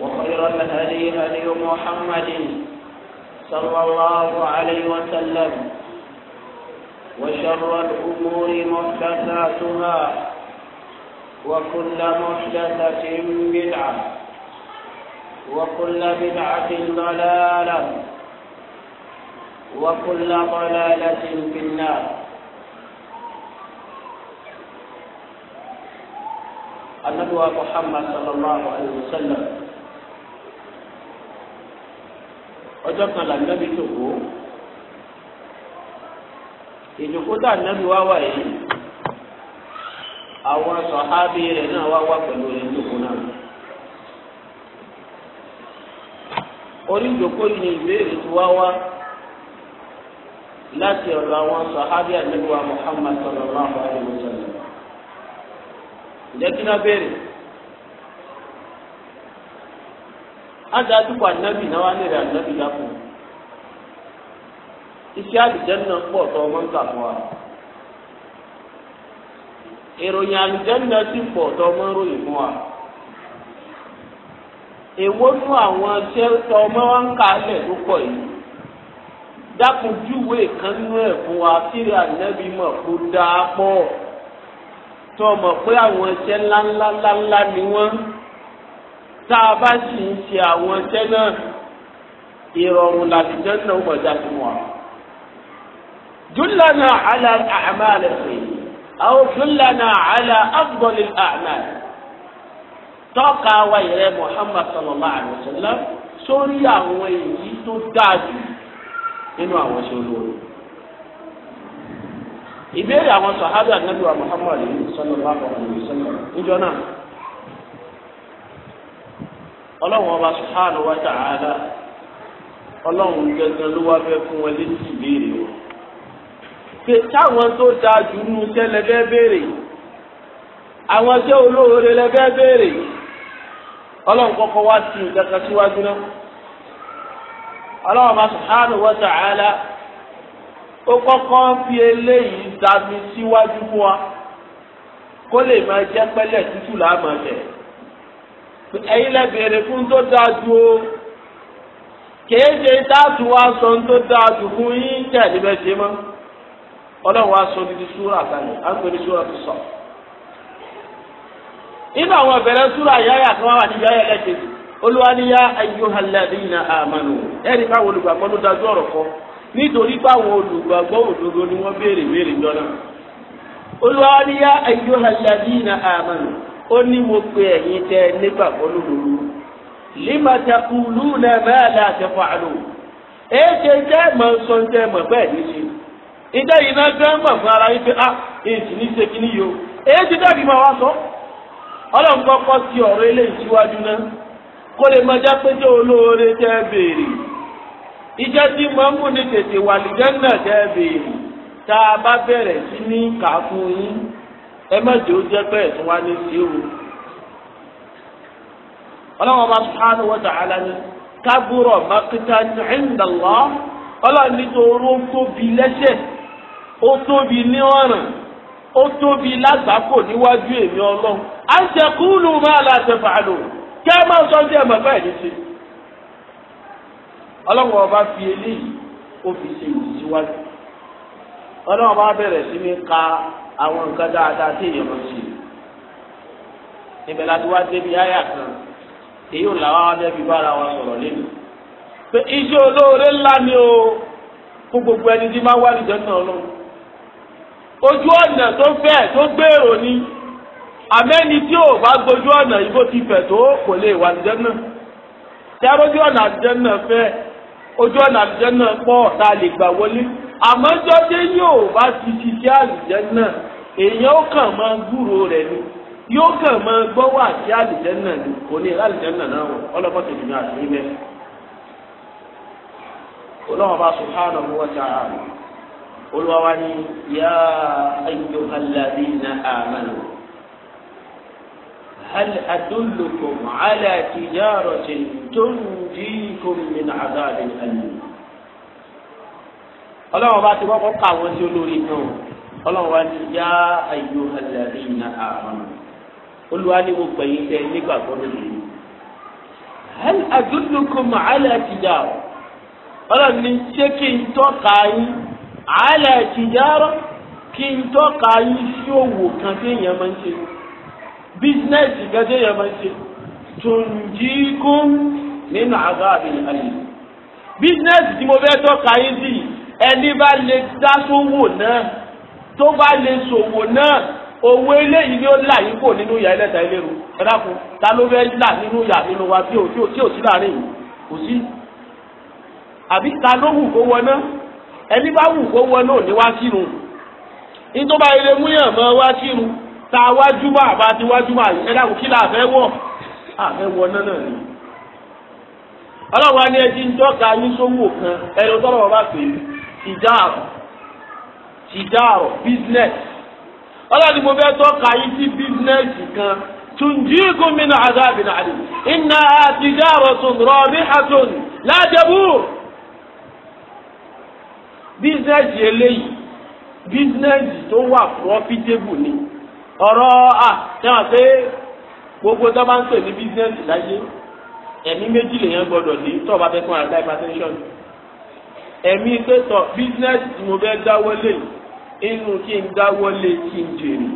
وخير الهدي هدي محمد صلى الله عليه وسلم وشر الأمور محدثاتها وكل محدثة بدعة وكل بدعة ضلالة وكل ضلالة في النار النبوة محمد صلى الله عليه وسلم ọjọ́ kan là nàbí tòkó ìjòkó tá nàbí wá wà yìí àwọn sọ̀hábì rẹ̀ náà wá wá pẹ̀lú rẹ̀ tòkó náà. orí ìjòkó yìí ni ìbéèrè ti wá wá láti ọ̀dọ̀ àwọn sọ̀hábì àdébùwà Muhammad sallallahu alaihi wasallam. ǹjẹ́ kí náà béèrè? adájúkọ ànábì náà wà nílẹ̀ ànábì lápò iṣẹ́ àlùjẹ́nà pọ̀ tó ọmọ ń kà fún wa ìròyìn àlùjẹ́nà sì pọ̀ tó ọmọ ń ròyìn fún wa èwo nú àwọn iṣẹ́ tó ọmọ wa ń tó pọ̀ yìí dákun júwe kan fún wa kíri ànábì mọ̀ kó dáa pọ̀ tó ọmọ pé àwọn iṣẹ́ ńláńláńláńlá ni wọ́n ń tá a bá sì ń ṣe àwọn iṣẹ́ náà ìrọ̀rùn láti jẹ́ náà wọ́n já sí wọn. júlànà àlà àmà rẹ̀ pé àwọn júlànà àlà afdalil a'mal tọ́ka wa ìrẹ́ Muhammad sallallahu alaihi wasallam sórí àwọn èyí tó dáa nínú àwọn iṣẹ́ ìbéèrè àwọn sàhábà nàbíwá Muhammad sallallahu alaihi wasallam náà ọlọ́run ọba subhanahu wa ta'ala ọlọ́run gẹ́gẹ́ ló wá fẹ́ fún wọn létí ìbéèrè wọn. pé táwọn tó dáa jù nù sẹ́lẹ̀ fẹ́ béèrè àwọn tẹ́ olóore lẹ fẹ́ béèrè ọlọ́run kọ́kọ́ wá sí ìdáka síwájú náà. ọlọ́run ọba subhanahu wa ta'ala ó kọ́kọ́ fi eléyìí dàbí síwájú fún wa kó lè máa jẹ́ pẹ́lẹ́ tútù láàmú ọ̀tẹ̀. ẹ̀yin lẹ fun fún tó dáa ju o kìí ṣe táàtù wa sọ tó dáa ju fún yín tẹ̀ níbẹ̀ ṣe mọ́ ọlọ́run wa sọ ní ti súrà kalẹ̀ à ń pè ní súrà tó sọ. nínú àwọn ìbẹ̀rẹ̀ súrà yáyà kan wà níbi ayẹyẹ lẹ́kẹ̀dì olúwaníyá ayyuhalladhina amanu ẹ̀rí káwọn olùgbàgbọ́ ló dájú ọ̀rọ̀ kọ́ nítorí báwọn olùgbàgbọ́ òdodo ni wọ́n béèrè béèrè jọ náà amanu. ó ní mo pe ẹ̀yin tẹ nígbàgbọ́ lódodo lima taquluna ma la taf'alun ètò ìjẹ́ mọ̀ sọ ń mọ̀ bẹ́ẹ̀ ní ṣe ìjẹ́ yìí náà fún ara yín pé a ah, èsì ní ṣe kíní yìí o sọ ọlọ́run kọ́kọ́ ti ọ̀rọ̀ eléyìí síwájú náà kó lè máa jápé olóore béèrè ìjẹ́ tí mọ̀ ń ní tètè wà lìjẹ́ náà ẹ má jẹ́ ó jẹ́ pé ẹ̀sùn wa ní sí o ọlọ́wọ́n bá subhanahu wa ta'ala ni kábúrọ̀ mákítá ní ìndàlá ọlọ́run nítorí ó tóbi lẹ́sẹ̀ ó tóbi ní ọ̀ràn ó tóbi lágbàkò níwájú èmi ọlọ́run à ń ṣe kúlù máa la ṣe kí a máa sọ bí ẹ̀mọ̀ bẹ́ẹ̀ ṣe. ọlọ́run ọba fi eléyìí ó fi ṣe ìsíwájú ọlọ́run ọba bẹ̀rẹ̀ sí ní ka àwọn nǹkan dáadáa tí èèyàn lọ sí níbẹ̀ láti wá débi àyà kan èyí ò làwọn adẹ́bí bára wa sọ̀rọ̀ lẹ́nu pé iṣẹ́ olóore ńlá ni o fún gbogbo ẹni tí máa wá nìjọ náà lọ ojú ọ̀nà tó fẹ̀ tó gbèrò ni àmẹ́ni tí ò bá gbójú ọ̀nà yìí bó ti fẹ̀ tó kò lè wà nìjọ náà tí a bójú ọ̀nà àdìjọ náà fẹ́ ojú ọ̀nà àdìjọ náà pọ̀ tá a lè gbà wọlé àmọ́jọ́dé yóò bá ti ṣiṣẹ́ àlùjẹ́ náà èèyàn ó kàn máa gbúrò rẹ̀ ni yóò kàn máa gbọ́ wà sí àlùjẹ́ náà ni kò ní àlùjẹ́ náà náà wọ̀ ọlọ́mọdé mi àti ilẹ̀. olóhùn bá subhanahu wa ta'ala olúwa wa ní yá ayyuhal ladina amanu. هل أدلكم على تجارة تنجيكم من عذاب أليم ọlọ́run bá ti kọ́kọ́ kà wọ́n sí olórí náà ọlọ́run wá ní yá ayò alẹ́rí iná àwọn olúwa ní mo gbẹ̀yìn tẹ nígbàgbọ́ lónìí. hal adullukum ala tijara ọlọ́run ní ṣé kí n tọ́ka yín ala tijara kí n tọ́ka yín sí òwò kan tí èèyàn máa ń ṣe bísínẹ́sì kan tí èèyàn máa ń ṣe tunjikum nínú àgbà àbí bísínẹ́sì tí mo fẹ́ tọ́ka yín sí yìí ẹni bá lè dá sówò náà tó bá lè ṣòwò náà owó eléyìí ni ó là yín kò nínú ìyá ẹlẹ́ta ẹlẹ́rú ẹ̀dáko ta ló fẹ́ là nínú ìyá nínú wa tí ò tí ò sí láàrin yìí kò sí. àbí ta ló wù kó wọ náà ẹni bá wù kó wọ náà ò ní wá kírun nítorí bá ilé múyàn mọ́ wá kírun ta wájú bá àbá ti wájú bá yìí ẹ̀dáko kí láà fẹ́ wọ̀ àfẹ́ wọ náà náà ni. ọlọ́run á ní ẹjí ń tọ́ka ní sówó kan ẹni tọ́lọ́wọ́ bá pè é tìjáàrọ̀ tìjáàrọ̀ business ọlọ́ni mo fẹ́ tọ́ka yìí sí business kan tunjiikum min azabin alim inna tijaratun rabihatun la jabur business eléyìí business tó wà profitable ni ọ̀rọ̀ à sẹ́wọ̀n pé gbogbo tó bá ń pè ní business láyé ẹ̀mí méjì gbọ́dọ̀ ní ẹ̀mí pẹ́tọ̀ bísínẹ́sì tí mo fẹ́ dáwọ́lé inú kí n dáwọ́lé kí n jèrè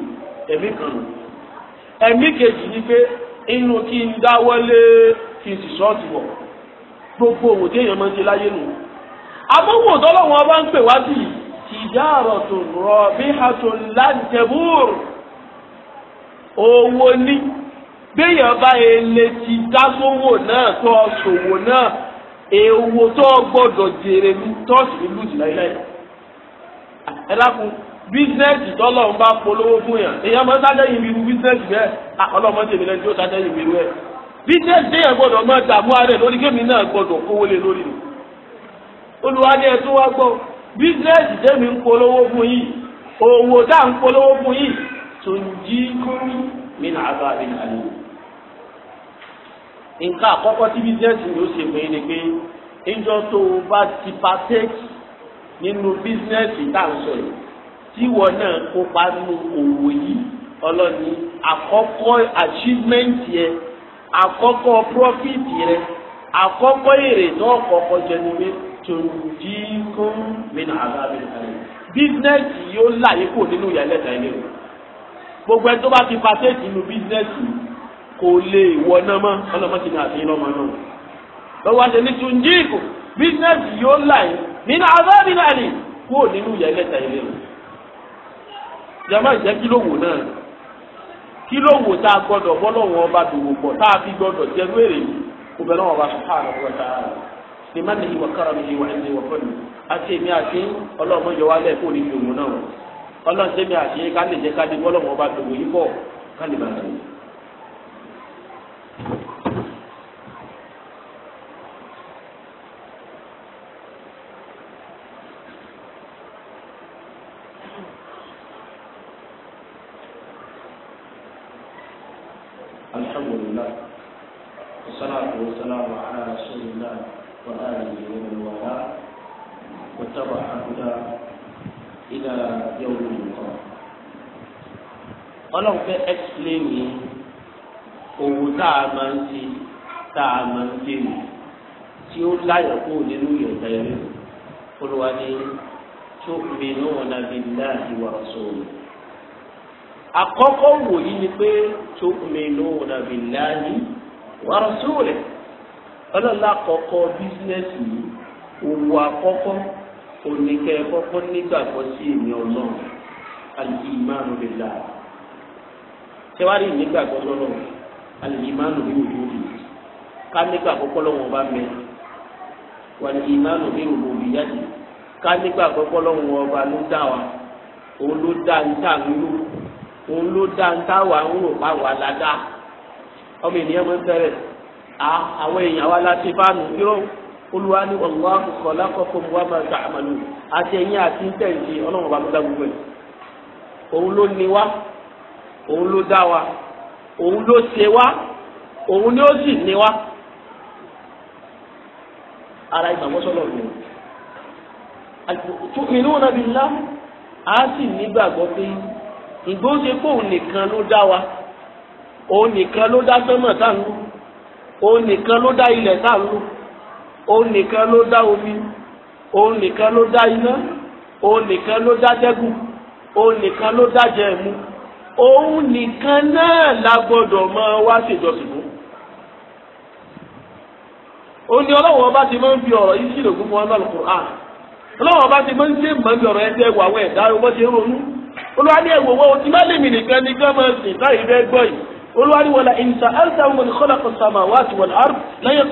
ẹ̀mí kan nù ẹ̀mí kejì ni pé inú kí n dáwọ́lé kí n sì ṣọ́ọ̀tì wọ̀ gbogbo òwò tí máa ń ṣe láyé nù. àbúrò tọ́lọ́wọ́n bá ń pè wá sí ìdáàrọ̀ tó rọ bí hàtò láǹtẹ̀bùrù owó ní béèyàn bá ele ti dá sówò náà tó ṣòwò náà ewo tó gbọ́dọ̀ jèrè ní tọ́ọ̀sì ìlú ìtìláyìláyì ẹ dákun bísínẹ́sì tọ́lọ̀ ń bá polówó fún yàn èèyàn máa sájẹ́ yìí irú bísínẹ́sì bẹ́ẹ̀ ọlọ́mọ tèmi lẹ́ni tó sájẹ́ yìí irú ẹ̀ bísínẹ́sì téèyàn gbọdọ máa dààmú ara ẹ̀ lórí kémi náà gbọ́dọ̀ kówó lé lórí ni olùwà ni ẹ tún wá gbọ́ bísínẹ́sì tèmi ń polówó fún yìí òwò tá à ń polówó nǹkan àkọ́kọ́ tí bísíǹsì ló ṣe pé ni pé ìjọ tó o bá ti partake nínú bísíǹsì tá à ń sọ yìí tí ìwọ náà kópa nínú òwò yìí ọlọ́ni àkọ́kọ́ achievement yẹ àkọ́kọ́ profit yẹ àkọ́kọ́ èrè náà kọ́kọ́ jẹ ni pé tòǹdì kún mi nà ága mi nà ága bísíǹsì yóò láyé kò nínú ìyàlẹ́ta ilé o gbogbo ẹni tó bá ti partake nínú bísíǹsì yìí. kò lè wọná mọ́ ọlọ́mọ́sí ni àfihàn ọmọ náà lọ́wọ́ àti ní túnjí kò bísínẹ́sì yóò láì nínú náà ni kúrò nínú ìyá ẹlẹ́ta ilé rẹ̀ jama ìjẹ́ kí náà kí tá a gbọ́dọ̀ bọ́lọ́wọ́ ọba dòwò pọ̀ tá a fi gbọ́dọ̀ jẹ́ wéèrè yìí kò bẹ̀rẹ̀ wọn bá n'i wa wa wa ẹni àti èmi àti ọlọ́mọ yọ wálẹ̀ náà ọlọ́run àti ká lè jẹ́ ká dé bọ́lọ́wọ́ dòwò yìí pọ̀ ká الحمد لله والصلاة والسلام على رسول الله وآله ومن والاه واتبع هداه إلى يوم القيامة. Ọlọ́run fẹ́ ẹ́kílẹ́mì owó tá a máa ń ṣe tá a máa ń ṣe nù tí ó láyọ̀ kó nínú ìyọ̀tà ẹ̀rí olùwà ni tó mi ní wọn náà bí náà ìwà sọ̀rọ̀ àkọ́kọ́ wòyí ni pé tó mi ní wọn náà bí náà ìwà sọ̀rọ̀ ọlọ́lá kọ́kọ́ bísínẹ́sì yìí owó àkọ́kọ́ oníkẹ́ kọ́kọ́ nígbàgbọ́ sí èmi ọlọ́run àti ìmáàmù lè la ṣẹ́wárí ìnígbàgbọ́ lọ́lọ́run alìmánu bí wùdúùdì ká nígbà àkọ́kọ́ lọ́wọ́ ọba mẹ́ wà ní ìmánu bí wùdúùdì yájì ká nígbà àkọ́kọ́ lọ́wọ́ ọba ló dá wa òun ló dá níta ń lò òun ló dá níta wà ń rò pa wà ládàá ọmọ ènìyàn mọ fẹrẹ àwọn èèyàn wa láti fáànù yọ olùwà ni ọlọ́wà kọ̀ọ̀kan lákọ̀ọ́kọ́ mu wà máa ta àmàlù àti ẹ̀yìn àti ń tẹ̀sí ọlọ́wọ́n bá ló dá gbogbo ẹ̀ òun ló ní wa òun ló dá wa òun ló ṣe wá òun ni ó sì ní wá ara ìgbàgbọ́ sọ́lọ̀ ló tó inú wọn bí ńlá a sì nígbàgbọ́ pé ìgbó ṣe pé òun nìkan ló dá wa òun nìkan ló dá sánmọ̀ tá ń lò òun nìkan ló dá ilẹ̀ tá ń lò òun nìkan ló dá omi òun nìkan ló dá iná òun nìkan ló dá dẹ́gùn òun nìkan ló dá jẹ ẹ̀mú òun nìkan náà la gbọ́dọ̀ máa wá ṣèjọsìn fún òun ni ọlọ́wọ́ ọba ti máa ń fi ọ̀rọ̀ yìí sílò fún wọn lọ́lọ́ Qur'an ọlọ́wọ́ ọba ti máa ń ṣe mọ́ bí ọ̀rọ̀ ẹgbẹ́ ẹwà àwọn ẹ̀dá ọgbọ́n ti ronú olúwa ní ẹ̀wọ̀ wọ́n ti má lèmi nìkan ní gọ́ọ̀mọ̀sì báyìí bẹ́ẹ̀ gbọ́ yìí olúwa ní wọlé ìnta ẹ̀sà wọn kọ́lá kan sàmà wá àti wọn àrùn lẹ́yìn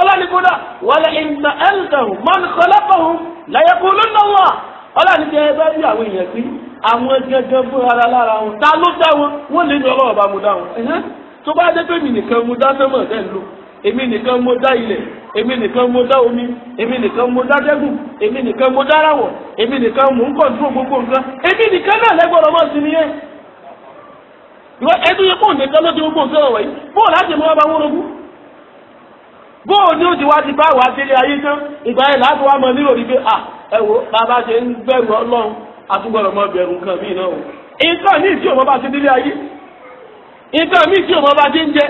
ọlọ́ni kúndà wàlẹ̀ ìmọ̀ ẹ̀ǹtẹ̀hùn mọ́ni kọlẹ́pọ̀hùn lẹ́yẹ̀kú lọ́nà ọlọ́ni jẹ́ ẹgbẹ́ bí àwọn èèyàn sí àwọn gẹ́gẹ́ bó ara lára wọn ta ló dá wọn wọ́n lè ní ọlọ́wọ́ bá mo dá wọn tó bá dé pé mi nìkan mo dá sẹ́mọ̀ ẹ̀ lò èmi nìkan mo dá ilẹ̀ èmi nìkan mo dá omi èmi nìkan mo dá dẹ́gùn bóò ní òsì wá ti bá wà délé ayé tán ìgbà yẹn láti wá mọ nílò pé à ẹ bàbá ṣe ń Ọlọ́run àtúgbọ̀rọ̀ mọ bẹ̀rù nǹkan míì náà o. nǹkan míì tí ṣe délé ayé nǹkan míì tí ṣe ń jẹ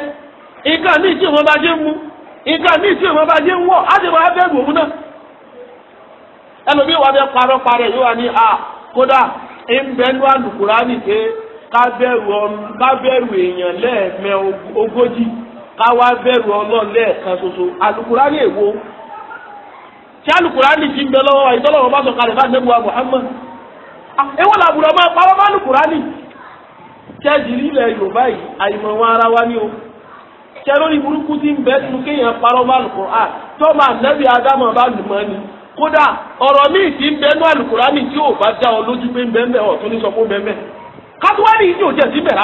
nǹkan míì tí ṣe ń mu nǹkan míì tí ṣe ń á ti òun náà. ẹlòmíì bẹ parọ́ parẹ́ yóò wá ní à kódà ń bẹ ní ká wá bẹ̀rù ọlọ́run lẹ́ẹ̀kan ṣoṣo alukurani èwo tí alukurani ti ń bẹ lọ́wọ́ àyè bá sọ bá nẹ́bù wa Muhammad ewu ah, làbùrọ̀ máa pa wọ́n bá alukurani ṣẹ́ẹ̀dì nílẹ̀ Yorùbá yìí àyìnbọn wọn ara wa ni o ṣẹ́ lórí burúkú ti ń tún kéèyàn parọ́ bá alukurani ah, tó ọ lójú pé ń bẹ́ẹ̀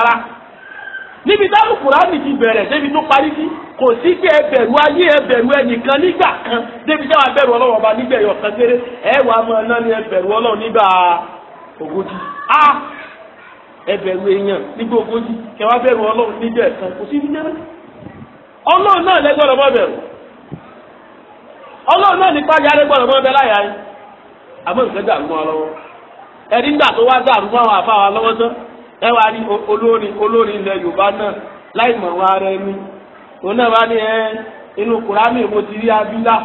níbi táwọn kùránì ti bẹ̀rẹ̀ débi tó parí sí kò sí pé ẹbẹ̀rù ayé ẹbẹ̀rù ẹnìkan nígbà kan débi táwọn abẹ̀rù ọlọ́wọ́ ọba nígbà ẹ̀yọ̀ kan kéré ẹ máa ná ní ẹbẹ̀rù ọlọ́wọ́ nígbà ogójì a ẹbẹ̀rù èèyàn nígbà ogójì kẹ wá bẹ̀rù ọlọ́wọ́ nígbà ẹ̀kan kò sí ní jẹ́rẹ́ ọlọ́run náà lẹ́gbọ́dọ̀ mọ́ bẹ̀rù ọlọ́run náà nípa yà lẹ́gbọ́dọ̀ mọ́ bẹ láyà yìí àmọ́ nǹkan dàrú mọ́ ọ lọ́wọ́ ẹ wá rí olórin olórin ilẹ̀ yorùbá náà láì mọ̀ wọn ara ẹni òun náà wá ní ẹ inú kùrámì mo ti rí abílà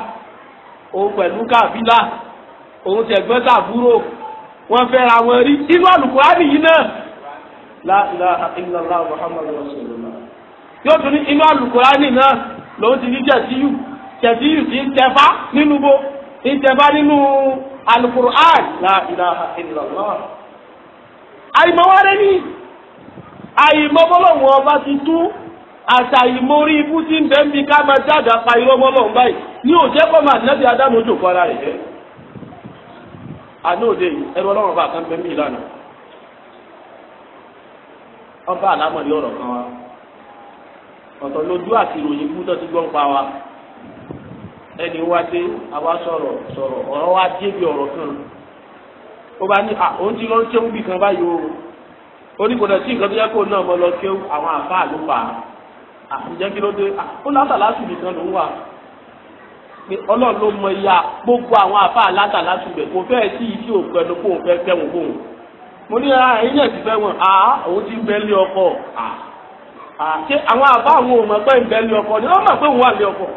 òun pẹ̀lú kábílà òun tẹ̀gbọ́n tàbúrò wọ́n fẹ́ra wọn rí inú àlùkùrámì yìí náà la ilaha illallah muhammadu rasulullah yóò tún ní inú àlùkùrámì náà lòun ti rí jẹ̀síyù jẹ̀síyù ti ń tẹ̀fá nínú bo ń tẹ̀fá nínú alukur'an la ilaha illallah àìmọ̀wárẹ́ ní àìmọ̀bọ́lọ́wọ́ ọba ti tú àtàìmọ̀rí ibú tí ń bẹ́ ń bi ká máa jáde apá ìrọ́mọ́lọ́wọ́ báyìí ní òjẹ́ kọ́ máa nẹ́bí adámu jò fara rẹ̀ jẹ́ àná òde yìí ẹrú ọlọ́run bá kan fẹ́ mí ìlànà ọba àlámọ̀rí ọ̀rọ̀ kan wa ọ̀tọ̀ lójú àti ìròyìn ikú tó ti gbọ́n pa wa ẹni wá dé àwa sọ̀rọ̀ sọ̀rọ̀ ọ̀rọ̀ wá dé bí ọ̀rọ̀ kan ó bá ní à òun ti lọ kéwú bì kan báyìí o ó ní kò dẹ̀ sí nǹkan tó yẹ kó náà mọ lọ kéwú àwọn àfa ló fà á àtijọ́ kí ló dé ó látà lásùn bì kan ló ń wà pé ọlọ́run ló mọ ìyá gbogbo àwọn àfa látà lásùn bẹ̀ kò fẹ́ẹ̀ sí ìdí òkú ẹnu kó fẹ́ tẹ̀wọ̀n fóun mo ní ara ẹ̀yìn ẹ̀ ti fẹ́ wọn à òun ti bẹ́ lé ọkọ à ṣé àwọn àfa àwọn ò mọ̀ pé ń bẹ́ lé ọkọ ni wọ́n mọ̀ pé òun wà lé ọkọ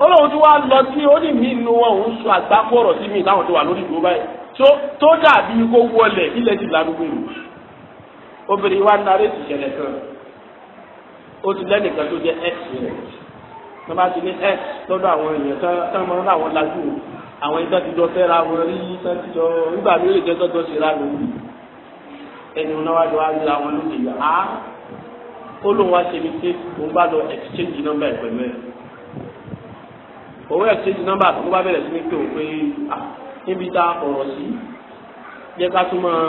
ọlọ́run tí wàá lọ sí ó ní mí inú wọn òun sọ àgbákọ̀rọ̀ sí mi láwọn tó wà lórí ìdúró báyìí tó tó dàbí kó wọlé ilẹ̀ ti lárúgbó rù obìnrin wa narí ti ṣẹlẹ̀ kan ó ti lẹ́nìkan tó jẹ́ x rẹ̀ tó bá ti ní x lọ́dọ̀ àwọn èèyàn tán mọ́ láwọn lajú àwọn ẹni tó ti jọ fẹ́ra wọn rí tán ti jọ nígbà mi lè jẹ́ tó jọ ṣe lánàá ẹni wọn wá jọ wá rí àwọn lóde yà á ó lóun wá ṣe mi pé òun bá lọ exchange number pẹ̀lú ẹ̀ owó exchange number tó bá bẹ̀rẹ̀ sí ní pé òun pé ah, níbi tá a fọ̀rọ̀ sí jẹ́ ká tún máa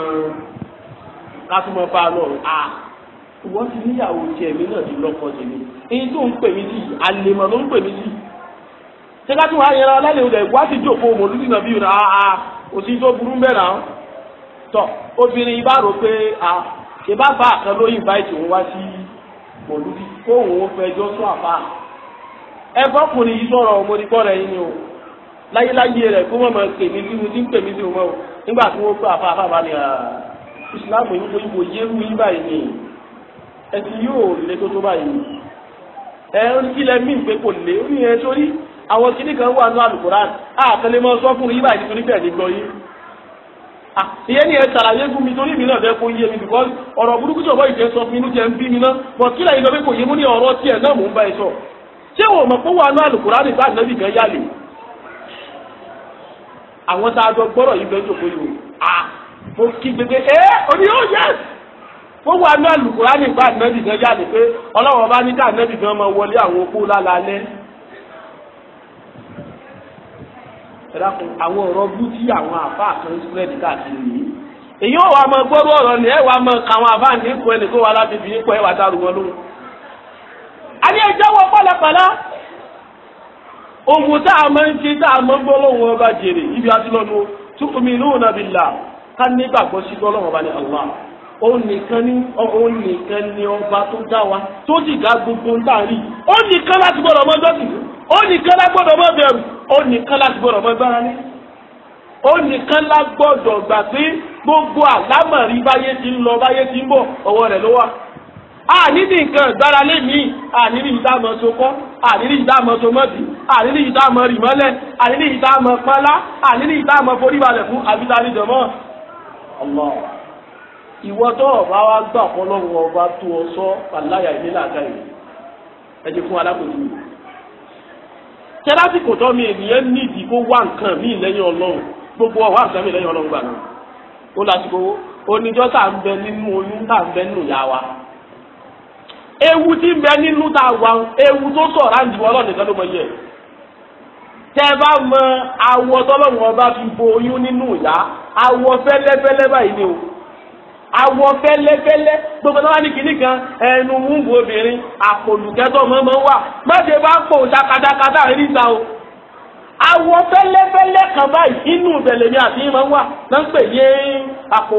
ká tún máa bá a lọ́rùn a ah, wọ́n ti níyàwó tiẹ̀ mi náà ti lọ́kọ tèmi èyí tó ń pè mí sí àlèmọ̀ ló ń pè mí sí ṣé ká tún wá yẹra ọlálẹ́ òun rẹ̀ wá sí ìjókòó mòlúdì náà bí òun náà ah, òsì tó burú mẹ́ra tọ̀ obìnrin ibà rò pé a ìbá bá àkànlóyìn báyìí tí òun wá sí mòlúdì kóun ó fẹjọ́ sún àbá ẹgbọ́kùnrin yìí sọ̀rọ̀ ọmọ onígbọ́ rẹ̀ yín ni o láyéláyé rẹ̀ kó mọ̀ máa pè mí sí mo ti ń pè mí sí mo nígbà tí wọ́n gbọ́ àfa àfa ni ìsìláàmù yìí kò yíbo yérú yín báyìí ni ẹ̀sìn yóò lé tó tó báyìí ẹ̀ ń kílẹ̀ mí pé kò lé ó ní ẹ sórí àwọn kìnnì kan wà ní alukoran àtẹlẹ mọ sọfún yìí báyìí nítorí bẹ́ẹ̀ ní gbọ́ yìí. ìyẹn ni ẹ ṣàlàyé fún mi torí mi náà fẹ́ kó yé mi because ọ̀rọ̀ burúkú tí ọ̀bọ̀ ìjẹ́ sọ fún inú jẹ́ ń bí mi ná bọ̀ kílẹ̀ yìí lọ pé kò yé mú ní ọ̀rọ̀ tiẹ̀ náà mò ń bá ẹ sọ ṣé wọ́n mọ̀ pé wọ́n anú àlùkùránì bá nàbì kan yálè àwọn tá a jọ gbọ́rọ̀ yìí bẹ́ẹ̀ jòkó yìí à mo kí gbégbé ẹ oní yóò oh, yẹ mo wọ anú àlùkùránì bá nàbì kan yálè pé ọlọ́wọ́n bá ní ká nàbì kan máa wọlé àwọn opó lálalẹ́ ẹ̀dàkùn àwọn ọ̀rọ̀ bú tí àwọn àfáà kan ń spread káàkiri yìí èyí ò wá mọ gbọ́rọ̀ ọ̀rọ̀ ni ẹ wá mọ kàwọn àfáà ní ipò ẹnì kó wa láti fi ipò ẹ wá dárúgbọ́n lóhùn àní ẹjọ́ wọ pálapàla ohun tá a máa ń ṣe tá a máa ń gbọ́ lọ́wọ́ ọba jèrè ibi àti lọ́nu tu'minuna billah ká nígbàgbọ́ sí lọ́wọ́ ọba ní Allah òun nìkan ní òun nìkan ní ọba tó dá wa tó sì ga gbogbo ń láàrin òun nìkan láti gbọ́dọ̀ mọ́ dọ́sìn òun nìkan láti gbọ́dọ̀ mọ́ bẹ̀rù òun nìkan láti gbọ́dọ̀ mọ́ gbára ní ó nìkan lá gbà pé gbogbo àlámọ̀rí báyé ti ń lọ báyé ti ń bọ̀ ọwọ́ rẹ̀ ló wà àníní nǹkan ìgbára lé mi àníní yìí dáàmọ́ tó kọ́ àníní yìí dáàmọ́ tó mọ́bí àníní yìí dáàmọ́ rì mọ́lẹ̀ àníní yìí dáàmọ́ pálá àníní yìí foríbalẹ̀ fún abidani dẹ̀mọ́. ìwọ tó gbà fọlọ́run ọba tó ọ sọ mi ènìyàn nídìí kó wá nǹkan mí lẹ́yìn ọlọ́run gbogbo ọ̀wá ewu tí ń bẹ nínú tá a wà ewu tó sọ̀rọ̀ àǹdí wọn lọ́nà ìtọ́lọ́mọ yẹ tẹ bá mọ awọ tọ́lọ́wọ́n bá fi bo oyún nínú ìyá awọ fẹ́lẹ́fẹ́lẹ́ báyìí ni o awọ fẹ́lẹ́fẹ́lẹ́ gbogbo náà wà ní kinní kan ẹnu wúwo obìnrin àpòlùkẹtọ wà bá pò o awọ kan báyìí inú ìbẹlẹmí àti ìmọ wà náà ń pè àpò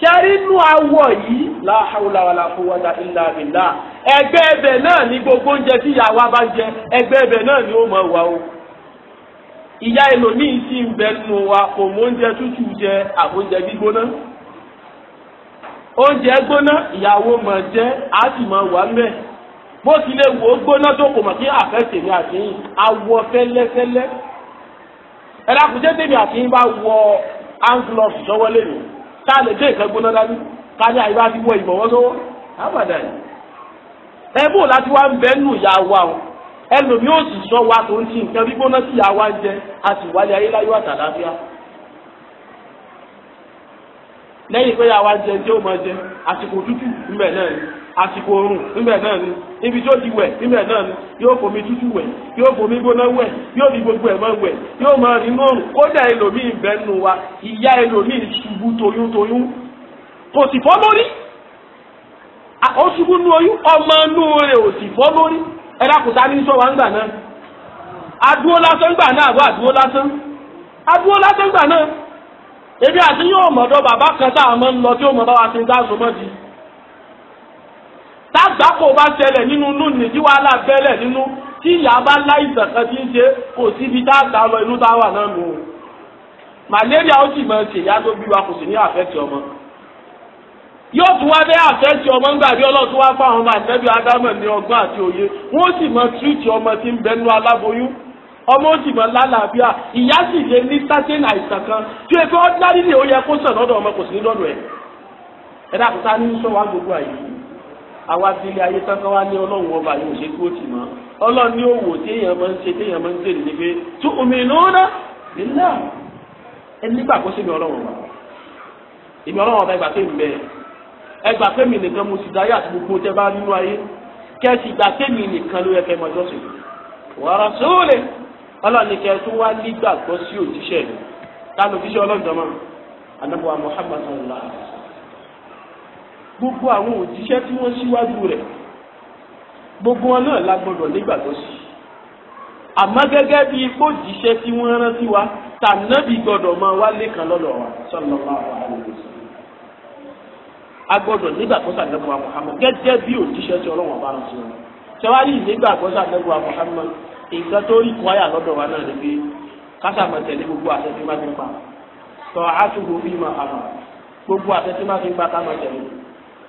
kẹrínú awọ yìí la hawla wala quwwata illa billah ẹgbẹ́ ẹbẹ̀ náà ni gbogbo oúnjẹ tí ìyá wa bá ń jẹ ẹgbẹ́ ẹbẹ̀ náà ni ó mọ̀ wá o. ìyá ẹlòmíì sì ń bẹ nù wa kò mọ oúnjẹ tútù jẹ àbóúnjẹ gbígbóná. oúnjẹ gbóná ìyàwó mọ̀ jẹ́ á sì mọ̀ wá mẹ́. bó ti lè wò ó gbóná tó kò mọ̀ kí àfẹ́sẹ̀ mi àtìyìn awọ fẹ́lẹ́fẹ́lẹ́. ẹ lákùnjẹ́ tèmi àtìyìn bá wọ ká lè dé nǹkan gbóná dání ká ní àyíká ti wọ ìmọ̀wọ́ sọ́wọ́ àbàdà yìí. ẹ bó láti wá ń bẹ nù ìyá wa o ẹlòmí ó sì sọ wa tó ń ti nǹkan gbígbóná sí ìyá wa ń jẹ a sì wálé ayé láyọ̀ àtàlàfíà lẹ́yìn pé ìyá wa ń jẹ tí ó máa jẹ àsìkò tútù ń bẹ náà ni. àsìkò oorun níbẹ̀ náà ni ibi tí ó ti wẹ̀ níbẹ̀ náà ni yóò fomi tútù wẹ̀ yóò fomi gbóná wẹ̀ yóò ní gbogbo ẹ̀ máa wẹ̀ yóò máa rí náà kódà ẹlòmíì ń nù wa ìyá ẹlòmíì ṣubú toyún toyún kò sì fọ́ lórí ó ṣubú nú oyún ọmọ inú rẹ̀ ò sì fọ́ lórí ẹ dákùtà ní sọ wa ńgbà náà adúó a mọ̀ tágbàkò bá ṣẹlẹ̀ nínú lónìí tí wàhálà bẹ́lẹ̀ nínú tí ìyá bá láìsàn kan tí ń ṣe kò síbi a lọ inú tá a wà náà nù o malaria ó sì mọ ṣe ìyá tó bí wa kò sì ní àfẹ́tì ọmọ yóò tún wá ọmọ ọlọ́tún wá fáwọn ọmọ àtẹ́bí adámọ̀ ní ọgbọ́n àti òye wọ́n sì ọmọ tí ń bẹnu ọmọ ó sì mọ lálàáfíà ìyá sì lè ní àìsàn kan tí ni ó yẹ kó ọmọ kò sí lọ́dọ̀ ẹ̀ àwa ti ilé ayé tán kán wá ní ọlọ́run ọba yóò ṣe kó tì mọ́ ọlọ́run ní òwò téèyàn máa ń ṣe téèyàn máa ń tèrè ní pé tó omi lóná nílá ẹni nígbà kó sèmi ọlọ́run ọba èmi ọlọ́run ọba ẹgbà pé mi bẹ́ẹ̀ ẹgbà pé mi nìkan mo sì darí àti gbogbo tẹ bá nínú ayé kẹsì gbà pé mi nìkan ló yẹ kẹ mọ jọ́sìn wàrà sóòlè ọlọ́run ní kẹ tó wá nígbàgbọ́ sí òjíṣẹ́ mi táwọn òjíṣẹ́ ọlọ́run jọ mọ́ anábọ̀ Muhammad sallallahu alaihi gbogbo àwọn òjíṣẹ́ tí wọ́n síwájú rẹ̀ gbogbo wọn náà la gbọdọ̀ nígbà tó sí àmọ́ gẹ́gẹ́ bí òjíṣẹ́ tí wọ́n rán sí wa tànàbí gbọdọ̀ máa wá lẹ́kàn lọ́dọ̀ wa sallallahu alaihi wasallam a gbọdọ̀ nígbà tó sàdẹ́kùn wa Muhammad gẹ́gẹ́ bí òjíṣẹ́ tí ọlọ́wọ́n bá rán sí wa tẹwárí nígbà tó sàdẹ́kùn wa Muhammad nǹkan tó rí kwaya lọ́dọ̀ wa náà ni pé kásàmọ̀ tẹ̀lé gbogbo àṣẹ tí má fi pa tọ́ àtúgbò fíìmù àmà gbogbo àṣẹ tí má fi pa ká má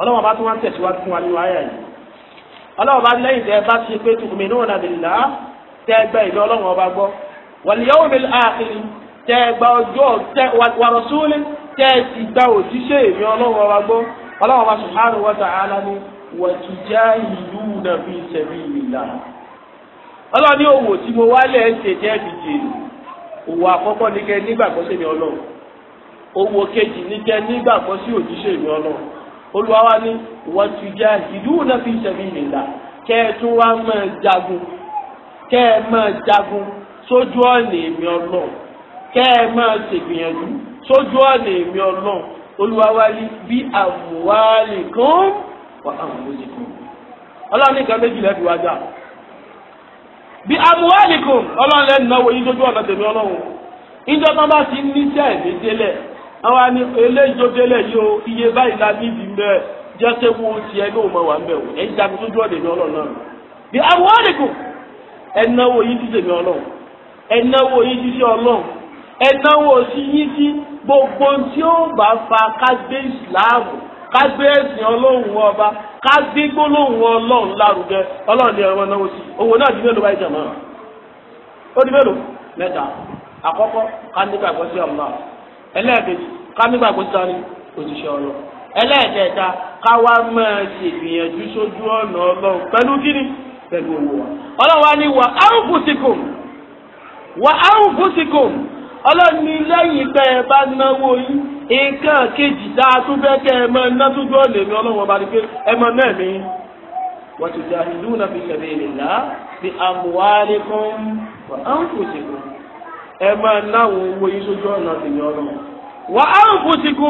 ọlọ́wọ́n bá tún wá tẹ̀síwájú fún wa nínú àyà yìí ọlọ́wọ́n bá lẹ́yìn tẹ́ bá ṣe pé tu'minuna billah tẹ́ gbẹ́ ìlú ọlọ́wọ́n ọba gbọ́ wal yawmil akhir tẹ́ gba ọjọ́ tẹ́ wa rasuli tẹ́ ti gba òjíṣẹ́ èmi ọlọ́wọ́n ọba gbọ́ ọlọ́wọ́n bá subhanahu wa ta'ala ni wa tujahiduna fi sabilillah ọlọ́ni òwò tí mo wálẹ̀ Olúwa wa ní wa tujahiduna fi sabilillah kẹ́ ẹ tún wá máa jagun kẹ́ ẹ máa jagun sójú ọ̀nà èmi ọlọ́run kẹ́ ẹ máa ṣègbìyànjú sójú ọ̀nà èmi ọlọ́run Olúwa wa ní bí amwalikum wa anfusikum ọlọ́run nìkan méjì lẹ́bi wájà bí amwalikum ọlọ́run lẹ́nu náwó yín sójú ọ̀nà tèmi ọlọ́run àwa ni eléyìí tó délẹ̀ yìí o iye báyìí la ní ibi mbẹ́ jẹ́ pé wo tiẹ̀ ní òun wà mbẹ́ o ẹ̀yin dàgbé tó dúró dèmi ọlọ́run náà bí àwọn àdìgún ẹ̀náwó yìí ti dèmi ọlọ́run ẹ̀náwó yìí ti sí ọlọ́run ẹ̀náwó sí yìí sí gbogbo tí ó bá fa kágbé ìsìláàmù kágbé ẹ̀sìn ọlọ́run ọba kágbé gbólóhùn ọlọ́run lárugẹ ọlọ́run ni ẹ̀rọ náwó sí owó náà di mélòó báyìí jàmọ́ ó di mélòó mẹ́ta àkọ́kọ́ ká nígbàgbọ́ sí ọ̀la ẹlẹ́ẹ̀kejì ká nígbà pé sani òṣìṣẹ́ ọ̀rọ̀ ẹlẹ́ẹ̀kẹta ká wá máa ṣègbìyànjú sójú ọ̀nà ọlọ́run pẹ̀lú kíni pẹ̀lú owó wa ọlọ́run wa ni wà áwùfùsìkùn wà áwùfùsìkùn ọlọ́run ní lẹ́yìn pé ẹ bá náwó yín nǹkan kejì dáa tó fẹ́ kẹ́ ẹ máa ná sójú ọ̀nà èmi ọlọ́run ọba ni pé ẹ máa ná ẹ̀mí wa tujahiduna fi sabilillah bi amwalikum wa anfusikum ẹ máa láwọn owó yín sójú ọ̀nà tèmi ọlọ́run wà á ń fosikú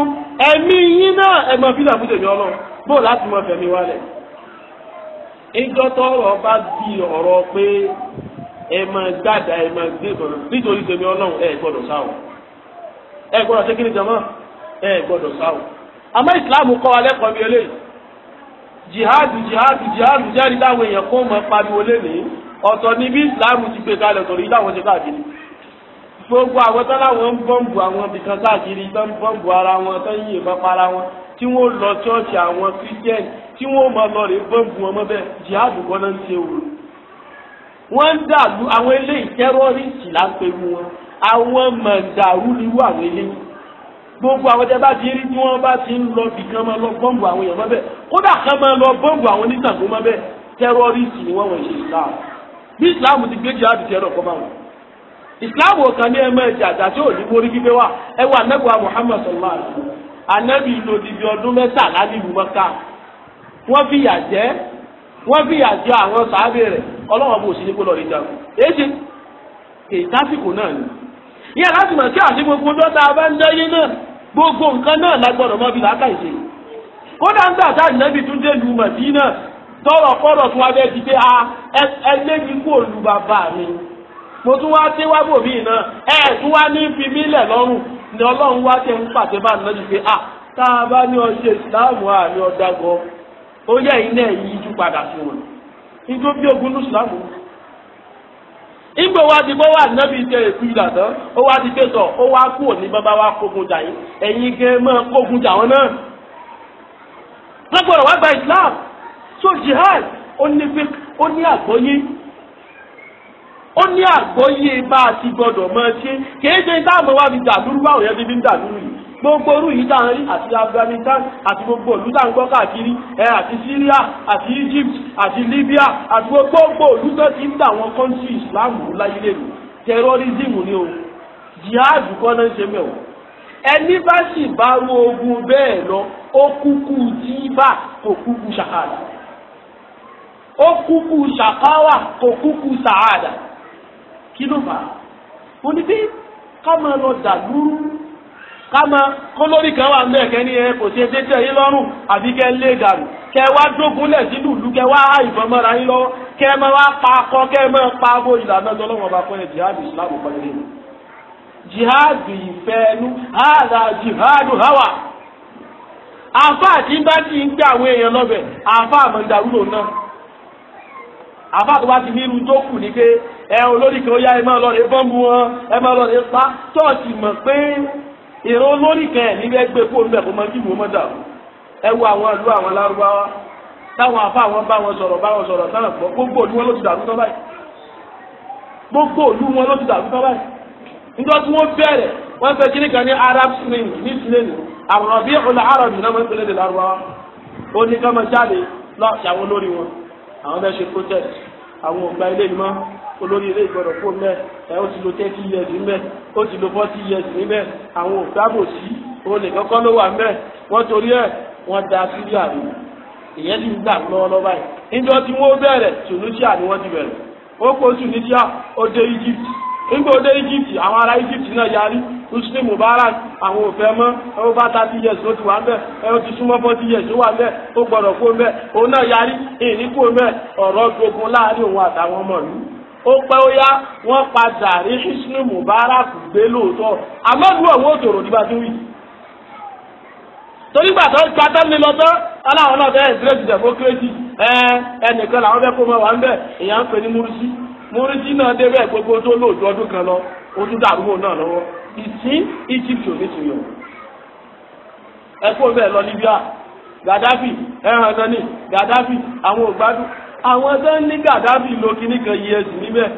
ẹ̀mí yín náà ẹ máa fún tèmi ọlọ́run bó láti máa fẹ̀mí di ọ̀rọ̀ pé ẹ máa gbàdá gbé ìbọn nítorí tèmi ọlọ́run gbọ́dọ̀ sáwọ̀ gbọ́dọ̀ gbọ́dọ̀ sáwọ̀. àmọ́ ti gbé gbogbo àwọn tó láwọn ń bọ́ǹbù àwọn ibìkan káàkiri tó ń bọ́ǹbù ara wọn tó ń yìnbọn para wọn tí wọ́n lọ ṣọ́ọ̀ṣì àwọn kírísítẹ́nì tí wọ́n máa lọ rè bọ́ǹbù wọn mọ́bẹ́ jihad gbọ́dọ̀ ń ṣe òru. wọ́n ń dàlú àwọn eléyìí tẹ́rọ́rìsì lápẹ̀lú wọn àwọn mọ̀ǹdàrú ni wọ́n àwọn eléyìí. gbogbo àwọn tẹ́ bá ti rí tí wọ́n bá ti ń lọ bìkan máa lọ bọ́ǹbù àwọn èèyàn mọ́bẹ́ kódà kan máa lọ islam ọ̀kan ní ẹ̀mọ́ ẹ̀jẹ̀ àjàjẹ́ òní borí gbígbé wa ẹ wà nẹ́gbà muhammad salman anabi lòdìbí ọdún mẹ́tàlá maka mọ́ká wọ́n jẹ wọ́n fìyà jẹ àwọn sàábì rẹ̀ ọlọ́wọ́n bó sì ní kó lọ rí ni ìyá láti mọ̀ sí àti gbogbo náà gbogbo nǹkan náà lágbọ́dọ̀ mọ́bi kódà tá ànábì tún dé a ah, bàbá mi mo tún wá dé wá bòmí náà ẹ tún wá ní fi mí lẹ̀ lọ́rùn ni ọlọ́run wá tẹ̀ ń pàṣẹ bá nínú ju pé à tá a bá ní ọṣẹ ìsìláàmù àní ọ̀dàgọ́ ó yẹ yín náà yí ju padà sí wọn nítorí bí ogun ní ìsìláàmù. ìgbò wa ti bọ́ wà nábì tẹ èkú ìlà ó wá ti pé sọ ó wá kú òní bàbá wa kógun jà yín ẹ̀yin gẹ́ mọ́ kógun jà wọn náà. wọ́n gbọ́dọ̀ wá gba ìsìláàmù so jihad ó ní àgbọ́yé ó ní àgbọ́yé bá a ti gbọ́dọ̀ mọ ṣe kìí ṣe táàmù wá fi dàdúrú báwọn yẹn ti fi ń dàdúrú yìí gbogbo orú yìí tá à ń rí àti Afghanistan àti gbogbo òlú tá à ń gbọ́ káàkiri ẹ àti Syria àti Egypt àti Libya àti gbogbo òlú tó ti ń dà wọn kọ́ńtì Islam láyé lèlú terrorism ni o jihad kọ́ náà ń ṣe mẹ́wọ̀ ẹni bá sì bá ro ogun bẹ́ẹ̀ lọ ó kúkú jíbà kò kúkú ṣàkàdà ó kúkú ṣàkáwà kò kúkú ṣàádà. kí ló fà á mo ní pé ká ma lọ dàgbúrú ká máa kó lórí kan wà ní ẹ kò ṣe lọ́rùn àbí lé dànù wá sínú ìlú wá ìbọn mọ́ra yín lọ́wọ́ wá pa akọ pa abo ìlànà ọlọ́wọ́n jihad islam jihad jihad hawa afa àti bá ti ń gbé àwọn èèyàn lọ́bẹ̀ àmọ́ náà ẹ olórí kan ó yá ẹ máa lọ rè bọ́m̀bù wọn ẹ máa lọ rè pa chọ́ọ̀chì mọ̀ pé ìran olórí kan ẹ̀ níbi ẹgbẹ́ kó nbẹ̀ kó máa ìwọ́n mọ́tà ẹ wo àwọn ìlú àwọn lárúbáwá táwọn àwọn bá wọn sọ̀rọ̀ bá wọn sọ̀rọ̀ gbogbo wọn ló ti dàrú tán báyìí gbogbo wọn ló ti dàrú tán báyìí Arab Spring ní olórí ilé ìgbọ̀dọ̀ kó mẹ́ ẹ ó ti lo thirty years níbẹ̀ ó ti lo forty years níbẹ̀ àwọn ògbábòsí òun nìkan kọ́ ló wà mẹ́ wọ́n torí ẹ̀ wọ́n da síríà rí ìyẹn ti ń gbà lọ́wọ́ lọ́wọ́ báyìí níjọ́ tí wọ́n bẹ̀rẹ̀ tunisia ni wọ́n ti bẹ̀rẹ̀ ó kó tunisia ó dé Egypt nígbà ó dé Egypt àwọn ará Egypt náà yarí Husni Mubarak àwọn òfẹ́ mọ́ ẹ ó bá thirty years ó ti wà mẹ́ ẹ ó ti súnmọ́ forty years ó wà mẹ́ ó gbọ́dọ̀ kó mẹ́ òun náà yarí ìní kó mẹ́ ọ̀rọ̀ gbogbo láàrin òun àtàwọn ọmọ yìí ó pẹ́ ó yá wọ́n padà rí ṣíṣínú mubarak gbé lóòótọ́ àmọ́ ìlú ọ̀wọ́ òtòrò nígbà tó wí. torí gbàtọ́ gbàtọ́ mi lọ tán aláwọn náà fẹ́ẹ́ ìdírẹ́sì democracy ẹ ẹnìkan làwọn fẹ́ kó mọ wà ń bẹ̀ èèyàn ń pè ní murusi murusi náà débẹ̀ gbogbo tó lóòótọ́ ọdún kan lọ ó tún dàrúgbò náà lọ́wọ́ ìsín Egypt ò ní ti yọ ẹ kó bẹ́ẹ̀ lọ Libya Gaddafi ẹ̀ràn kan ní Gaddafi àwọn ògbádùn àwọn tó ń ní gàdábì lo kíní kan years níbẹ̀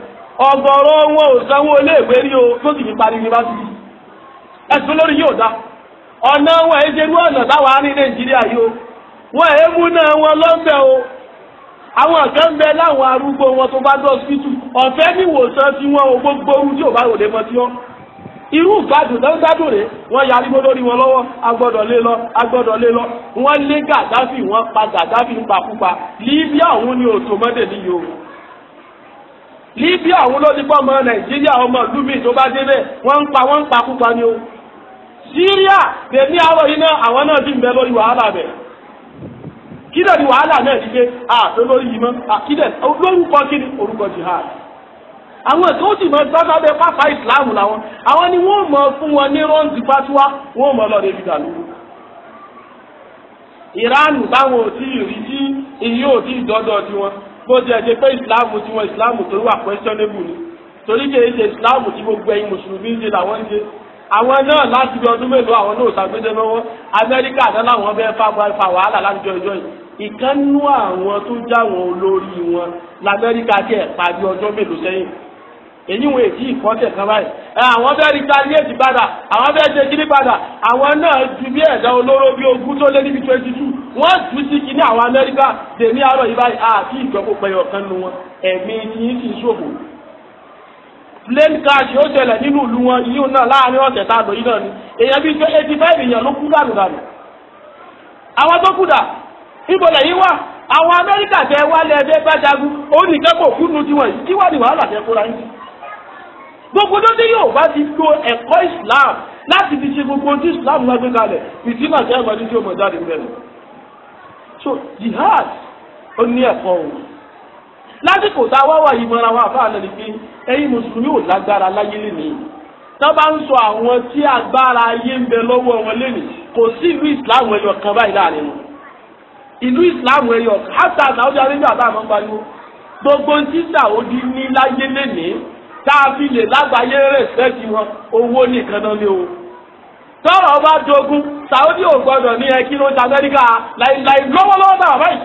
ọ̀gọ̀rọ̀ wọn ò sanwó iléèwé rí o tó sì fi parí yunifásitì ẹ̀sùn lórí yóò dá ọ̀nà wọn èyí ṣe irú ọ̀nà táwa ní nàìjíríà yìí o wọn èyí mú náà wọn lọ́bẹ̀ o àwọn kan bẹ láwọn arúgbó wọn tó bá dọ̀ síkítù ọ̀fẹ́ níwòsàn tí wọn ò gbogbo orú tí ò bá rò lè mọ tí wọn. irú ìgbádùn tó ń gbádùn rèé wọ́n yarí mọ́ lórí wọn lọ́wọ́ agbọ́dọ̀ lé lọ agbọ́dọ̀ lé lọ wọ́n lé gàdáfì wọ́n pa gàdáfì ń pakúpa Libya òun ni òtòmọdé níyì o Libya òun ló ti pọ̀ ọmọ Nàìjíríà ọmọ ìlú tó bá débẹ̀ ń pa wọ́n ń ni o Syria tèmi àárọ̀ yìí náà àwọn náà ti ń bẹ lórí wàhálà bẹ̀ kí lóri wàhálà náà ti gbé yìí àwọn ètò òsì máa gbá sábẹ́ pápá ìsìláàmù làwọn àwọn ni wọ́n mọ̀ fún wọn ní rọ́ǹdì fatuwa wọ́n mọ̀ lọ́dẹ fi dàlú. ìránù báwọn ò tí ì rí tí ìyí ò tí ì dọ́dọ̀ tiwọn bó tiẹ̀ ṣe pé ìsìláàmù tiwọn ìsìláàmù tó wà questionable ni torí kìí ṣe ìsìláàmù tí gbogbo ẹ̀yin mùsùlùmí ń ṣe làwọn ń ṣe àwọn náà láti bí ọdún mélòó àwọn náà ṣàgbéjẹ lọ́wọ́ amẹ́ríkà náà làwọn bẹ́ẹ̀ fa wàhálà láti jọ ìjọ yìí ìkànnú àwọn tó jáwọn olórí wọn lamẹ́ríkà tiẹ̀ pàdé ọjọ́ mélòó sẹ́yìn èyí wọn èyí ìkọ́tẹ̀ kan báyìí àwọn bẹ́ẹ̀ rí tàríyèsí padà àwọn bẹ́ẹ̀ ṣe kíní padà àwọn náà ju bí ẹ̀dá olóró bí ogún tó lé níbi twenty two wọ́n jù sí kíní àwọn amẹ́ríkà tèmi àárọ̀ yìí báyìí àti ìjọpọ̀ pẹ̀yọ̀ kan nu wọn ẹ̀mí ti ń sì ṣòfò. plane crash ó ṣẹlẹ̀ nínú ìlú wọn yìí náà láàrin ọ̀sẹ̀ tá a lò yìí náà ni èèyàn bíi eighty five èèyàn ló kú dànù dànù. àwọn tó kù dà níbo lẹ́yìn wà àwọn amẹ́ríkà tẹ wálé ẹgbẹ́ bá jagun ó nìkan kò kúnnú tiwọn yìí kí wà ní wàhálà tẹ kóra yín sí gbogbo tó dé yóò bá ti lo ẹ̀kọ́ Islam láti fi ṣe gbogbo tí Islam wá gbé kalẹ̀ ìdínà jẹ́ ìmọ̀ títí òmò jáde bẹ̀rẹ̀ so jihad ó ní ẹ̀kọ́ o lásìkò tá a wá wà yìí mọ́ra wa fáànà ni pé ẹ̀yin mùsùlùmí ò lágbára láyé lénìí tó bá ń sọ àwọn tí agbára ayé ń bẹ lọ́wọ́ wọn lénìí kò sí ìlú Islam ẹyọ kan báyìí láàrin wọn ìlú Islam ẹyọ kan hátà Saudi Arabia àtàwọn ọmọ gbogbo ń tí Saudi ní láyé lénìí táàbí lè lágbàáyé rẹ̀sẹ̀tì wọn owó nìkan náà ni o. tọ́rọ̀ bá dogun Saudi ò gbọ́dọ̀ ní ẹ kí ló ń ta Amẹ́ríkà láìláì lọ́wọ́lọ́wọ́ náà báyìí.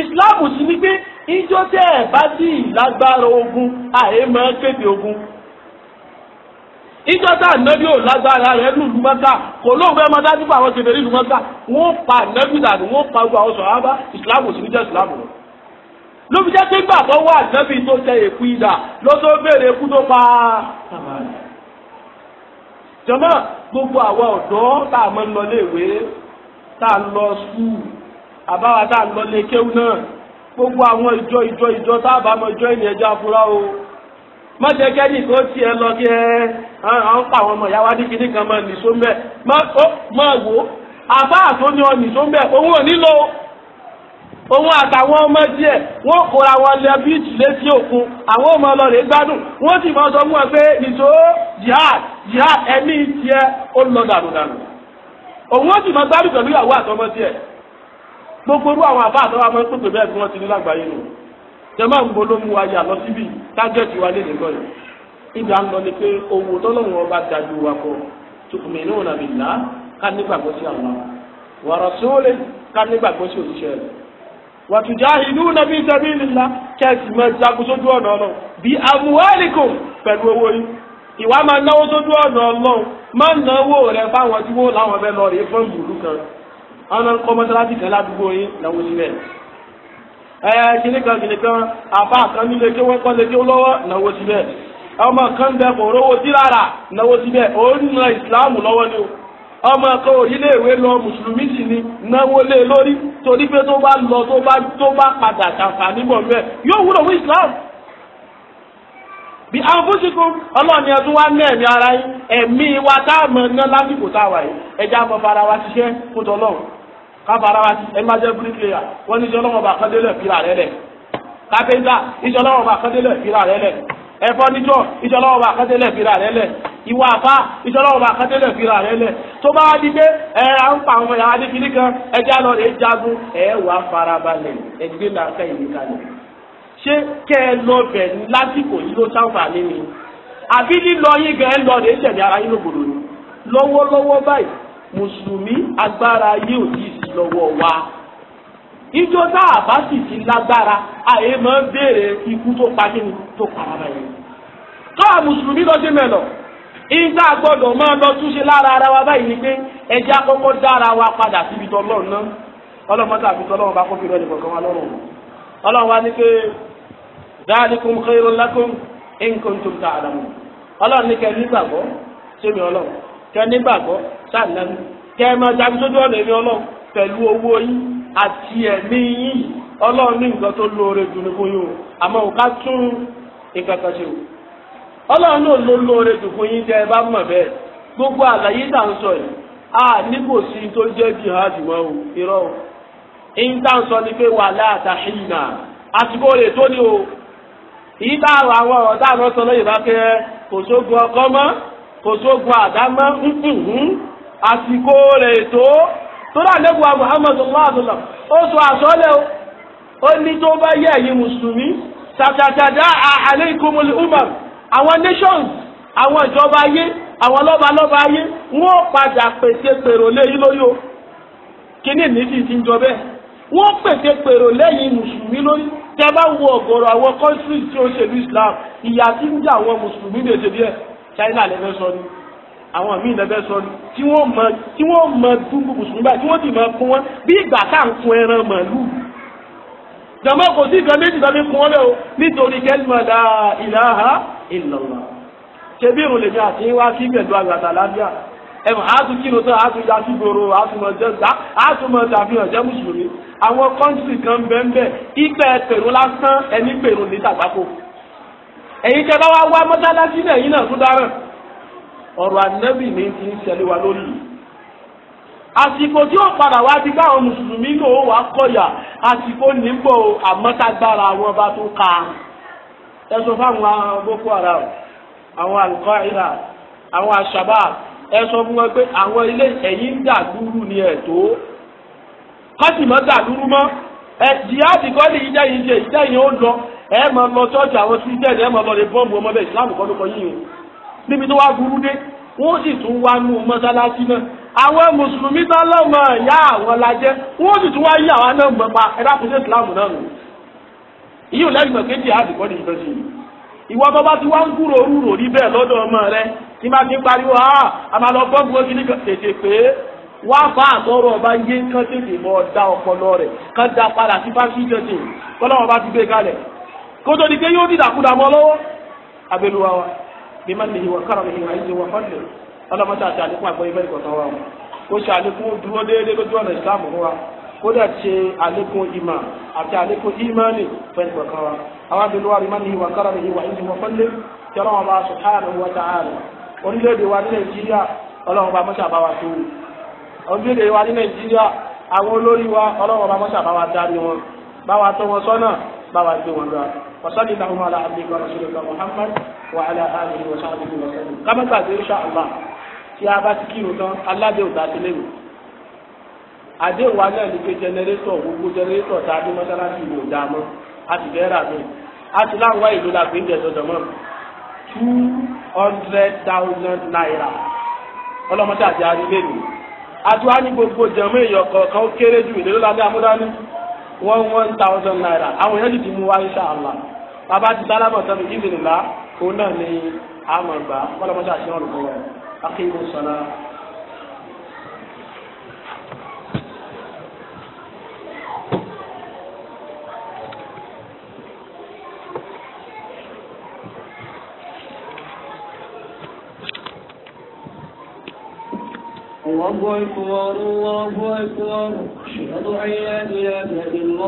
Islam sì ni pé ijó tẹ́ ẹ̀ bá sí ìlágbára ogun àyè máa kéde ogun. ijó tá ànábì ò lágbára rẹ̀ lùlù mọ́ká kò lóun fẹ́ máa dájú pé àwọn ti bẹ̀rẹ̀ lùlù mọ́ká wọ́n pa ànábì dànù wọ́n pa gbogbo àwọn sọ̀rọ̀ ló fi jẹ́ pé gbàgbọ́ wà nẹ́bí tó jẹ èkú ìdà ló tó béèrè ikú tó pa jọmọ gbogbo àwọn ọ̀dọ́ tá a mọ ń lọ léèwé tá a lọ sùúrù àbáwa tá a lọ lé kéwú náà gbogbo àwọn ìjọ ìjọ ìjọ tá a bá mọ ìjọ ènìyàn jẹ afurá o má jẹ kẹ́ni kó tiẹ̀ lọ kí ẹ àwọn pa àwọn ọmọ ìyáwá ní kinní kan mọ nìṣó mbẹ má wò àbá àtúnyọ nìṣó mbẹ òun ò nílò òun àtàwọn ọmọ díẹ̀ wọ́n kóra wọn lẹ bíìtì létí òkun àwọn ọmọ ọlọ́rẹ̀ gbádùn wọ́n sì máa sọ fún wọn pé nìṣó jihad jihad ẹ̀mí tiẹ̀ ó lọ dànù dànù òun ó sì máa gbádùn pẹ̀lú ìyàwó àtọmọ tiẹ̀ gbogbo orú àwọn àbá àtọwọ́ àmọ́ pépè bẹ́ẹ̀ tí wọ́n ti ní lágbàáyé nù jẹ́mọ́ ń bolómú wa yà lọ síbi tágẹ́ẹ̀tì wa lè nìkan yìí ìgbà ń lọ ni pé owó tọ́lọ́run ọba dájú wa kọ tukuminuna billah ká nígbàgbọ́ sí Allah wa rasuli ká nígbàgbọ́ wàtùjáhìlúnà bí sabilillah kẹ́sì mọ́ jagun sójú ọ̀nà ọlọ́run bí amúhálìkùn pẹ̀lú owó yìí ìwà máa náwó sójú ọ̀nà ọlọ́run má náwó rẹ̀ fáwọn tí wọ́n láwọn fẹ́ lọ rí fún ìlú kan ọ̀nà ń kọ́ mọ́sálásí kan ládùúgbò yín náwó síbẹ̀. ẹ kíní kan kíní kan àfa kan nílé kí wọ́n kọ́lé kí lọ́wọ́ náwó síbẹ̀ ọmọ kan bẹ kò rówó sí náwó síbẹ̀ òun náà ìsìláàmù lọ́wọ́ ni o ọmọ kan orílẹ̀-èwe lọ mùsùlùmí sì ni náwó lé lórí torí pé tó bá lọ tó bá tó bá padà ṣàǹfààní bọ̀ mẹ́ yóò wúlò fún Islam bí àfúnṣikún ọlọ́ọ̀ni ẹ̀dún wá ní ẹ̀mí ara yín ẹ̀mí wa tá a mọ̀ ná lásìkò tá a wà yìí ẹja mọ̀ fara wa ṣiṣẹ́ fún tọ́lọ́run ká fara wa ṣiṣẹ́ ẹ má jẹ́ bíríkìlẹ̀yà wọ́n ní ìṣọ́lọ́wọ́ bá kọ́dé lẹ̀ fira rẹ̀ rẹ̀ lẹ̀ ẹ̀fọ́ níjọ́ ìjọlọ́wọ́ bá kẹ́tẹ́lẹ̀ fira rẹ̀ lẹ̀ ìwà àfá ìjọlọ́wọ́ bá kẹ́tẹ́lẹ̀ fira rẹ̀ lẹ̀ tó bá di pé ẹ à ń pa àwọn ìyá adé kiri kan ẹja lọ rẹ̀ jagun ẹ wà farabalẹ̀ ẹgbẹ́ làákà ìlú kalẹ̀ ṣé kẹ́ ẹ lọ bẹ̀ lásìkò yìí ló sáǹfààní ni àbí lílọ yín gan ẹ lọ rẹ̀ ṣẹ̀dí ara yín lògbòdò ni lọ́wọ́lọ́wọ́ báyìí mùsùlùmí agbára yìí ò yìí sí lọ́wọ́ wa ìjọ tá a bá sì ti lágbára àyè máa ń béèrè ikú tó pa kí ni tó para báyìí. káwa mùsùlùmí lọ sí mẹ́lọ̀ ìta gbọ́dọ̀ máa lọ túnṣe lára ara wa báyìí ni pé ẹja kọ́kọ́ dára wa padà síbi tọ́lọ́run náà ọlọ́mọdé àbí tọ́lọ́run bá kó fi rẹ́ni kọ̀ọ̀kan wa lọ́rùn ọlọ́run wa ní pé dáàdìkún khairun lakum in kuntum ta'lamun ọlọ́run ní kẹ́ nígbàgbọ́ sẹ́mi ọlọ́run kẹ́ nígbàgbọ́ sáà nánú kẹ́ ẹ àti ẹ̀mí yín ọlọ́run ní nǹkan o àmọ́ ò ká tún o ọlọ́run náà ló lóore fún yín jẹ́ ẹ bá gbogbo àlàyé tá à ń sọ yìí a ní kò sí tó jẹ́ jihad mọ́ o irọ́ o èyí tá à ń sọ ni pé wà àsìkò tó ní o èyí tá àwọn ọ̀rọ̀ tá sọ bá kẹ́ kò sógun ọkọ mọ́ torí àlẹ́bùwà muhammadu aláàdúlà ó sọ àsọ́lẹ̀ ó ní tó bá yẹ ẹ̀yin mùsùlùmí tàtàtàdá àlẹ́kùnmùlì umar àwọn nations àwọn ìjọba ayé àwọn lọ́ba lọ́ba ayé wọ́n padà pèsè pèrò léyìn lóyò kíní nídìí ti ń jọ bẹ́ẹ̀ wọ́n pèsè pèrò lẹ́yìn mùsùlùmí lórí tẹ́ bá wo ọ̀gọ̀rọ̀ àwọn countries tí ó ṣèlú islam ìyà tí ń jẹ àwọn mùsùlùmí lè ṣe díẹ̀ china lè fẹ́ sọ ni àwọn míì lẹ́fẹ́ sọ ni tí wọ́n mọ tí wọ́n mọ dúró mùsùlùmí báyìí tí wọ́n sì mọ kún wọn bí ìgbà tá à ń kun ẹran màálù. jọ̀mọ́ kò sí nǹkan méjì tàbí kun wọn lẹ́ o nítorí kẹ́lìmọ̀dà ìlàhà ìlọ̀lá. ṣebí irun lèmi àti wá kí pẹ̀lú àgbàtà lábíà ẹ̀mọ àtún kí ló tán àtún ya sí gbòòrò àtún mọ̀ jẹ́ gbà àtún mọ̀ tàbí ọ̀jẹ́ mùsùlùmí. àwọn kọ́ńtì kan bẹ́ẹ̀ ìpẹ́ pẹ̀rù lásán ẹni pẹ̀rù ní tàgbákò. ẹ̀yin bá wá wá mọ́tálásí náà yín náà tún dáràn ọ̀rọ̀ ànábì ní ti ń ṣẹlẹ̀ wa lórí yìí àsìkò tí ó padà wá di báwọn mùsùlùmí náà ó kọyà àsìkò nígbò wọn bá ka boko haram àwọn alukọ́ira àwọn asaba fún wọn pé àwọn ilé ẹ̀yìn dà dúró ni ẹ̀ tó kọ́sìmọ́ dà dúró mọ́ ẹ jihadi kọ́ ìjẹ́ àwọn Islam kọ́ ló o níbi tó wá burú wọ́n sì tún wá nú mọ́sálásí náà àwọn mùsùlùmí tá ìyá àwọn lajẹ́ wọ́n sì tún wá yí àwa náà mọ̀ pa ẹ̀dá kùsẹ́ náà nù. ìyí lẹ́yìn mọ̀ kéjì àdìgbọ́n ní ìfẹ́ sí ìwọ bá ti wá ń kúrò rí ọmọ rẹ ah, a àmà lọ bọ́ gbogbo kìíní kan tètè pé wá fa ọba yé kán tètè da ọpọlọ kán da padà sí fásitì bá ti gbé kalẹ̀ kótó ni pé yóò dìdàkudà mọ́ wa. bímánìí wà kárọ̀lì ìhàyè wà fọ́lẹ̀ ọlọ́mọdé àti alikun àgbọ̀ ibẹ̀ ìkọ̀tàn wa o kó ṣe àlékún dúró déédéé lójú ọ̀nà ìsìláàmù wa kó dà ṣe àlékún ìmà àti àlékún ìmánì fẹ́ ìkọ̀tàn wa àwọn abẹ́lẹ́ wa bímánìí wà kárọ̀lì ìhàyè wà fọ́lẹ̀ kí ọlọ́wọ́n bá subhanahu wa ta'ala orílẹ̀-èdè wa ní nàìjíríà ọlọ́wọ́n bá bá wa tó wa ní nàìjíríà àwọn olórí wa bá bá wa dá wọn bá wa وصل اللهم على عبدك ورسولك محمد وعلى آله وصحبه وسلم كما بعد gbàgbé شاء الله tí a bá ti kírun tán aládéhùn tá a ti léwu àdéhùn wa náà ní pé jẹnẹrétọ̀ gbogbo jẹnẹrétọ̀ tá a dé mọ́sálásí ìlú ò dáa mọ́ a sì bẹ́ẹ̀ rà mí a sì láwọn ìlú la fi ń jẹ dọ̀dọ̀ mọ́ two hundred thousand naira ọlọ́mọdé àti arílẹ̀-èdè àtúwá ní gbogbo jẹ̀mọ́ èèyàn kọ̀ọ̀kan ó kéré ju ìlérí ládé amúdání one one thousand naira àwọn èèyàn sì ti mú wá insha Allah. bàbá ti sálámà tán ní ìdílé ńlá òun náà ni àmọ̀ gbà kọ́lọ́mọdé àti ọ̀rùn wọn akéwì sọ̀rọ̀. الله أكبر الله أكبر أشهد أن لا إله إلا الله